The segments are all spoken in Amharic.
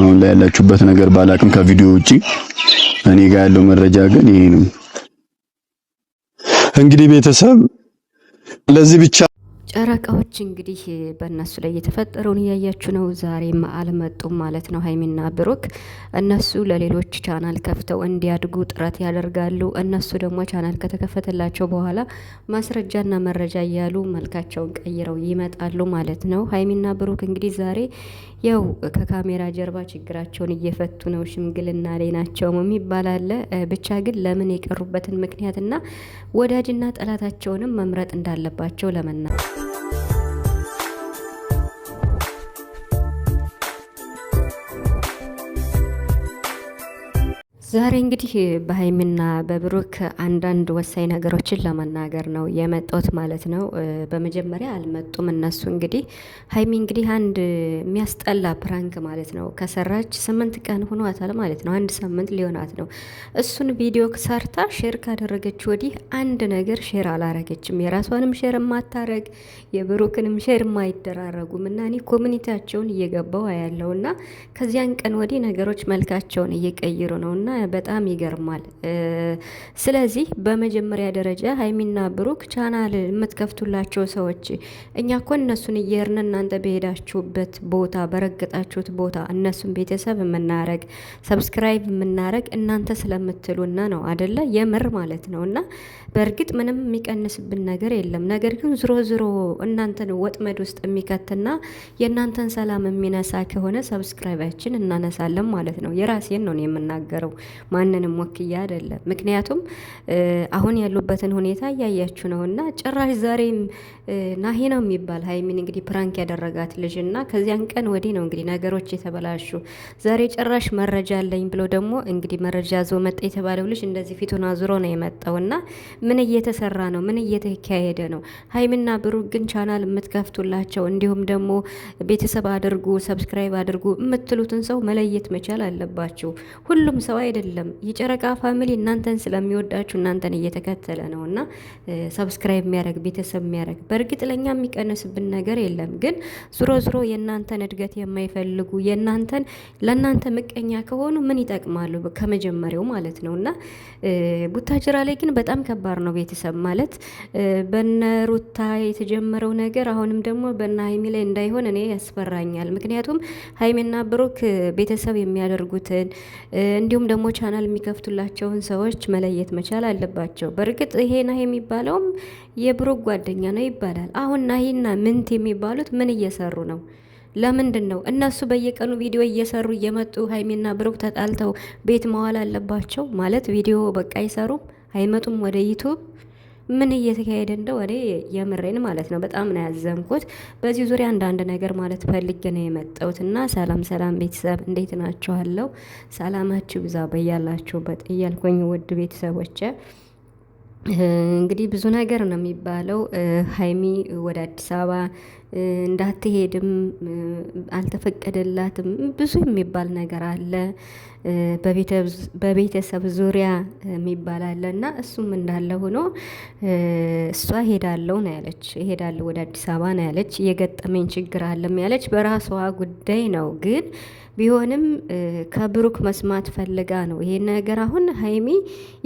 አሁን ላይ ያላችሁበት ነገር ባላቅም ከቪዲዮ ውጪ እኔ ጋር ያለው መረጃ ግን ይሄ ነው። እንግዲህ ቤተሰብ ለዚህ ብቻ ጨረቃዎች እንግዲህ በእነሱ ላይ የተፈጠረውን እያያችሁ ነው። ዛሬም አልመጡም ማለት ነው ሀይሚና ብሩክ። እነሱ ለሌሎች ቻናል ከፍተው እንዲያድጉ ጥረት ያደርጋሉ። እነሱ ደግሞ ቻናል ከተከፈተላቸው በኋላ ማስረጃና መረጃ እያሉ መልካቸውን ቀይረው ይመጣሉ ማለት ነው። ሀይሚና ብሩክ እንግዲህ ዛሬ ያው ከካሜራ ጀርባ ችግራቸውን እየፈቱ ነው። ሽምግልና ላይ ናቸው የሚባል አለ። ብቻ ግን ለምን የቀሩበትን ምክንያትና ወዳጅና ጠላታቸውንም መምረጥ እንዳለባቸው ለመናል ዛሬ እንግዲህ በሀይሚና በብሩክ አንዳንድ ወሳኝ ነገሮችን ለመናገር ነው የመጣሁት ማለት ነው። በመጀመሪያ አልመጡም እነሱ እንግዲህ ሀይሚ እንግዲህ አንድ የሚያስጠላ ፕራንክ ማለት ነው ከሰራች ስምንት ቀን ሆኗታል ማለት ነው። አንድ ሳምንት ሊሆናት ነው። እሱን ቪዲዮ ሰርታ ሼር ካደረገች ወዲህ አንድ ነገር ሼር አላረገችም። የራሷንም ሼር የማታረግ የብሩክንም ሼር የማይደራረጉም እና እኔ ኮሚኒቲያቸውን እየገባው ያለው እና ከዚያን ቀን ወዲህ ነገሮች መልካቸውን እየቀየሩ ነው እና በጣም ይገርማል። ስለዚህ በመጀመሪያ ደረጃ ሀይሚና ብሩክ ቻናል የምትከፍቱላቸው ሰዎች እኛ ኮ እነሱን እየርን እናንተ በሄዳችሁበት ቦታ በረገጣችሁት ቦታ እነሱን ቤተሰብ የምናረግ ሰብስክራይብ የምናረግ እናንተ ስለምትሉና ነው አደለ? የምር ማለት ነው። እና በእርግጥ ምንም የሚቀንስብን ነገር የለም። ነገር ግን ዝሮ ዝሮ እናንተን ወጥመድ ውስጥ የሚከትና የእናንተን ሰላም የሚነሳ ከሆነ ሰብስክራይባችን እናነሳለን ማለት ነው። የራሴን ነው የምናገረው። ማንንም ወክያ አይደለም። ምክንያቱም አሁን ያሉበትን ሁኔታ እያያችሁ ነው። እና ጭራሽ ዛሬም ናሂ ነው የሚባል ሀይሚን እንግዲህ ፕራንክ ያደረጋት ልጅ እና ከዚያን ቀን ወዲህ ነው እንግዲህ ነገሮች የተበላሹ። ዛሬ ጭራሽ መረጃ አለኝ ብሎ ደግሞ እንግዲህ መረጃ ዞ መጣ የተባለው ልጅ እንደዚህ ፊቱን አዙሮ ነው የመጣው። እና ምን እየተሰራ ነው? ምን እየተካሄደ ነው? ሀይሚና ብሩ ግን ቻናል የምትከፍቱላቸው እንዲሁም ደግሞ ቤተሰብ አድርጉ፣ ሰብስክራይብ አድርጉ የምትሉትን ሰው መለየት መቻል አለባችሁ። ሁሉም ሰው አይደ አይደለም። የጨረቃ ፋሚሊ እናንተን ስለሚወዳችሁ እናንተን እየተከተለ ነው እና ሰብስክራይብ የሚያደርግ ቤተሰብ የሚያደርግ በእርግጥ ለእኛ የሚቀነስብን ነገር የለም። ግን ዞሮ ዞሮ የእናንተን እድገት የማይፈልጉ የእናንተን ለእናንተ ምቀኛ ከሆኑ ምን ይጠቅማሉ? ከመጀመሪያው ማለት ነው እና ቡታጅራ ላይ ግን በጣም ከባድ ነው ቤተሰብ ማለት በነሩታ የተጀመረው ነገር አሁንም ደግሞ በነ ሀይሚ ላይ እንዳይሆን እኔ ያስፈራኛል። ምክንያቱም ሀይሚና ብሩክ ቤተሰብ የሚያደርጉትን እንዲሁም ደግሞ ቻናል የሚከፍቱላቸውን ሰዎች መለየት መቻል አለባቸው። በእርግጥ ይሄ ናሂ የሚባለውም የብሩክ ጓደኛ ነው ይባላል። አሁን ናሂና ምንት የሚባሉት ምን እየሰሩ ነው? ለምንድን ነው እነሱ በየቀኑ ቪዲዮ እየሰሩ እየመጡ ሀይሚና ብሩክ ተጣልተው ቤት መዋል አለባቸው ማለት? ቪዲዮ በቃ አይሰሩም አይመጡም ወደ ዩቱብ ምን እየተካሄደ እንደው እኔ የምሬን ማለት ነው በጣም ነው ያዘንኩት። በዚህ ዙሪያ አንዳንድ ነገር ማለት ፈልጌ ነው የመጣሁት እና ሰላም ሰላም ቤተሰብ እንዴት ናችኋለሁ? ሰላማችሁ ብዛ በያላችሁበት እያልኩኝ ውድ ቤተሰቦች እንግዲህ ብዙ ነገር ነው የሚባለው። ሀይሚ ወደ አዲስ አበባ እንዳትሄድም አልተፈቀደላትም ብዙ የሚባል ነገር አለ። በቤተሰብ ዙሪያ የሚባል አለ እና እሱም እንዳለ ሆኖ እሷ ሄዳለው ነው ያለች። እሄዳለሁ ወደ አዲስ አበባ ነው ያለች። የገጠመኝ ችግር አለም ያለች በራሷ ጉዳይ ነው ግን ቢሆንም ከብሩክ መስማት ፈልጋ ነው ይሄን ነገር። አሁን ሀይሚ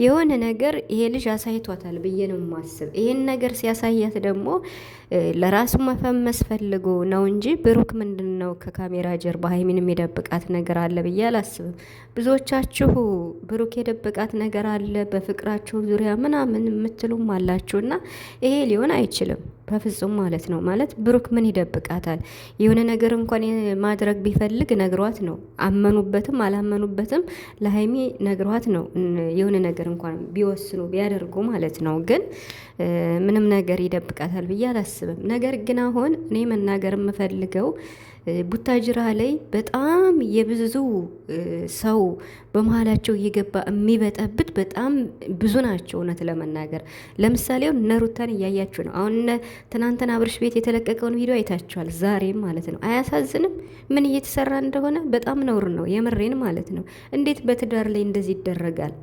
የሆነ ነገር ይሄ ልጅ አሳይቷታል ብዬ ነው የማስብ። ይሄን ነገር ሲያሳያት ደግሞ ለራሱ መፈመስ አስፈልጎ ነው እንጂ ብሩክ ምንድን ነው ከካሜራ ጀርባ ሀይሚን የሚደብቃት ነገር አለ ብዬ አላስብም። ብዙዎቻችሁ ብሩክ የደበቃት ነገር አለ በፍቅራቸው ዙሪያ ምናምን የምትሉም አላችሁ እና ይሄ ሊሆን አይችልም በፍጹም ማለት ነው። ማለት ብሩክ ምን ይደብቃታል? የሆነ ነገር እንኳን ማድረግ ቢፈልግ ነግሯት ነው። አመኑበትም አላመኑበትም ለሀይሚ ነግሯት ነው። የሆነ ነገር እንኳን ቢወስኑ ቢያደርጉ ማለት ነው። ግን ምንም ነገር ይደብቃታል ብዬ አላስብም። ነገር ግን አሁን እኔ መናገር የምፈልገው ቡታጅራ ላይ በጣም የብዙ ሰው በመሀላቸው እየገባ የሚበጠብጥ በጣም ብዙ ናቸው። እውነት ለመናገር ለምሳሌ እነ ሩታን እያያችሁ ነው። አሁን ትናንትና አብርሽ ቤት የተለቀቀውን ቪዲዮ አይታችኋል። ዛሬም ማለት ነው። አያሳዝንም? ምን እየተሰራ እንደሆነ በጣም ነውር ነው። የምሬን ማለት ነው። እንዴት በትዳር ላይ እንደዚህ ይደረጋል?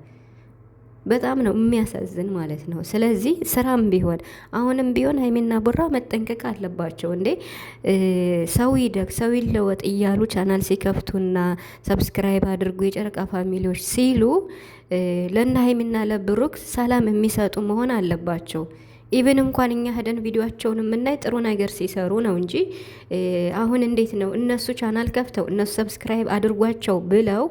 በጣም ነው የሚያሳዝን ማለት ነው። ስለዚህ ስራም ቢሆን አሁንም ቢሆን ሀይሚና ቡራ መጠንቀቅ አለባቸው። እንዴ ሰው ይደግ ሰው ይለወጥ እያሉ ቻናል ሲከፍቱና ሰብስክራይብ አድርጉ የጨረቃ ፋሚሊዎች ሲሉ ለእነ ሀይሚና ለብሩክ ሰላም የሚሰጡ መሆን አለባቸው። ኢቨን እንኳን እኛ ሄደን ቪዲዮቸውን የምናይ ጥሩ ነገር ሲሰሩ ነው እንጂ አሁን እንዴት ነው እነሱ ቻናል ከፍተው እነሱ ሰብስክራይብ አድርጓቸው ብለው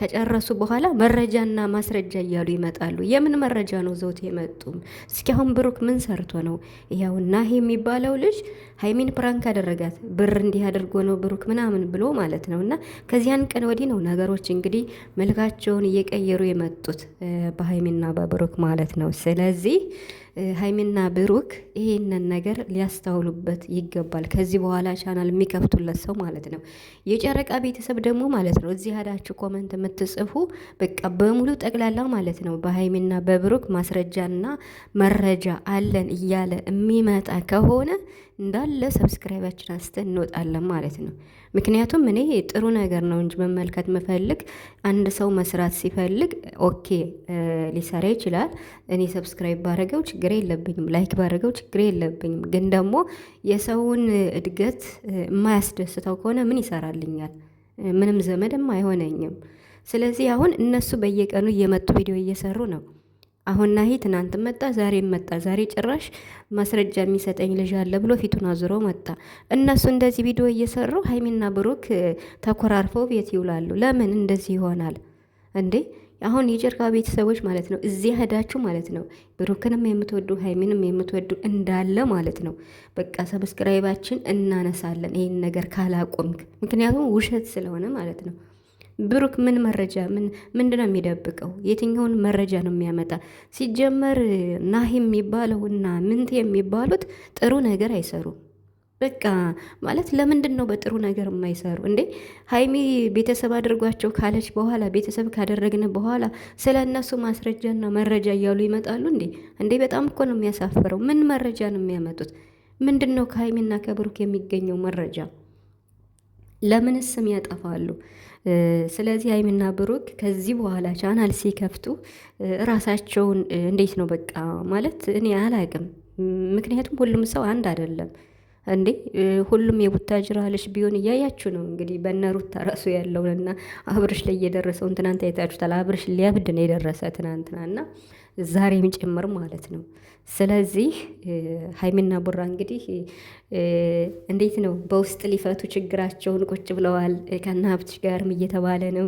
ከጨረሱ በኋላ መረጃና ማስረጃ እያሉ ይመጣሉ። የምን መረጃ ነው ዘውት የመጡም? እስኪ አሁን ብሩክ ምን ሰርቶ ነው? ያው ናሂ የሚባለው ልጅ ሀይሚን ፕራንክ አደረጋት ብር እንዲህ አድርጎ ነው ብሩክ ምናምን ብሎ ማለት ነው። እና ከዚያን ቀን ወዲህ ነው ነገሮች እንግዲህ መልካቸውን እየቀየሩ የመጡት በሀይሚና በብሩክ ማለት ነው። ስለዚህ ሀይሚና ብሩክ ይሄንን ነገር ሊያስተውሉበት ይገባል። ከዚህ በኋላ ቻናል የሚከፍቱለት ሰው ማለት ነው። የጨረቃ ቤተሰብ ደግሞ ማለት ነው እዚህ ያዳችሁ ኮመንት የምትጽፉ በቃ በሙሉ ጠቅላላ ማለት ነው በሀይሚና በብሩክ ማስረጃና መረጃ አለን እያለ የሚመጣ ከሆነ እንዳለ ሰብስክራይባችን አንስተን እንወጣለን ማለት ነው። ምክንያቱም እኔ ጥሩ ነገር ነው እንጂ መመልከት መፈልግ አንድ ሰው መስራት ሲፈልግ ኦኬ ሊሰራ ይችላል። እኔ ሰብስክራይብ ባረገው ችግር የለብኝም፣ ላይክ ባረገው ችግር የለብኝም። ግን ደግሞ የሰውን እድገት የማያስደስተው ከሆነ ምን ይሰራልኛል? ምንም ዘመድም አይሆነኝም። ስለዚህ አሁን እነሱ በየቀኑ እየመጡ ቪዲዮ እየሰሩ ነው። አሁን ናሂ ትናንት መጣ፣ ዛሬ መጣ። ዛሬ ጭራሽ ማስረጃ የሚሰጠኝ ልጅ አለ ብሎ ፊቱን አዙሮ መጣ። እነሱ እንደዚህ ቪዲዮ እየሰሩ ሀይሚና ብሩክ ተኮራርፈው ቤት ይውላሉ። ለምን እንደዚህ ይሆናል እንዴ? አሁን የጀርካ ቤተሰቦች ማለት ነው እዚህ ሄዳችሁ ማለት ነው ብሩክንም የምትወዱ ሀይሚንም የምትወዱ እንዳለ ማለት ነው በቃ ሰብስክራይባችን እናነሳለን፣ ይህን ነገር ካላቆምክ፣ ምክንያቱም ውሸት ስለሆነ ማለት ነው። ብሩክ ምን መረጃ ምንድን ነው የሚደብቀው? የትኛውን መረጃ ነው የሚያመጣ? ሲጀመር ናሂ የሚባለውና ምንት የሚባሉት ጥሩ ነገር አይሰሩም። በቃ ማለት ለምንድን ነው በጥሩ ነገር የማይሰሩ እንዴ? ሀይሚ ቤተሰብ አድርጓቸው ካለች በኋላ ቤተሰብ ካደረግን በኋላ ስለ እነሱ ማስረጃና መረጃ እያሉ ይመጣሉ እንዴ? እንዴ በጣም እኮ ነው የሚያሳፍረው። ምን መረጃ ነው የሚያመጡት? ምንድን ነው ከሀይሚና ከብሩክ የሚገኘው መረጃ? ለምንስ ስም ያጠፋሉ? ስለዚህ ሀይሚና ብሩክ ከዚህ በኋላ ቻናል ሲከፍቱ እራሳቸውን እንዴት ነው በቃ ማለት እኔ አላቅም። ምክንያቱም ሁሉም ሰው አንድ አይደለም እንዴ ሁሉም የቡታ ጅራልሽ ቢሆን እያያችሁ ነው እንግዲህ በነሩታ ራሱ ያለውንና አብርሽ ላይ የደረሰውን ትናንት አይታችሁታል። አብርሽ ሊያብድ ነው የደረሰ ትናንትና እና ዛሬም ጭምር ማለት ነው። ስለዚህ ሀይሚና ቡራ እንግዲህ እንዴት ነው በውስጥ ሊፈቱ ችግራቸውን ቁጭ ብለዋል። ከናብች ጋርም እየተባለ ነው፣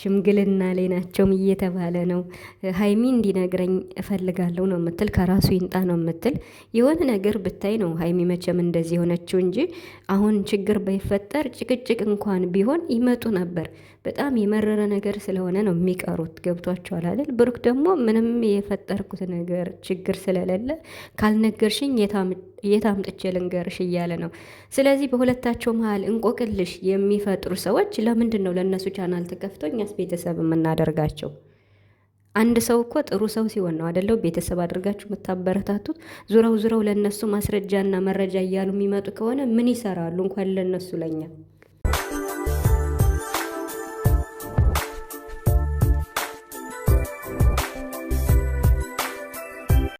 ሽምግልና ላይ ናቸውም እየተባለ ነው። ሀይሚ እንዲነግረኝ እፈልጋለሁ ነው የምትል፣ ከራሱ ይንጣ ነው የምትል። የሆነ ነገር ብታይ ነው ሀይሚ መቼም እንደዚህ የሆነችው እንጂ አሁን ችግር ባይፈጠር ጭቅጭቅ እንኳን ቢሆን ይመጡ ነበር። በጣም የመረረ ነገር ስለሆነ ነው የሚቀሩት። ገብቷቸዋል አይደል? ብሩክ ደግሞ ምንም የፈጠርኩት ነገር ችግር ስለሌለ ካልነገርሽኝ የታምጥቼ ልንገርሽ እያለ ነው። ስለዚህ በሁለታቸው መሀል እንቆቅልሽ የሚፈጥሩ ሰዎች ለምንድን ነው ለእነሱ ቻናል ተከፍቶ እኛስ ቤተሰብ የምናደርጋቸው? አንድ ሰው እኮ ጥሩ ሰው ሲሆን ነው አደለው ቤተሰብ አድርጋችሁ የምታበረታቱት። ዙረው ዙረው ለእነሱ ማስረጃና መረጃ እያሉ የሚመጡ ከሆነ ምን ይሰራሉ? እንኳን ለእነሱ ለኛ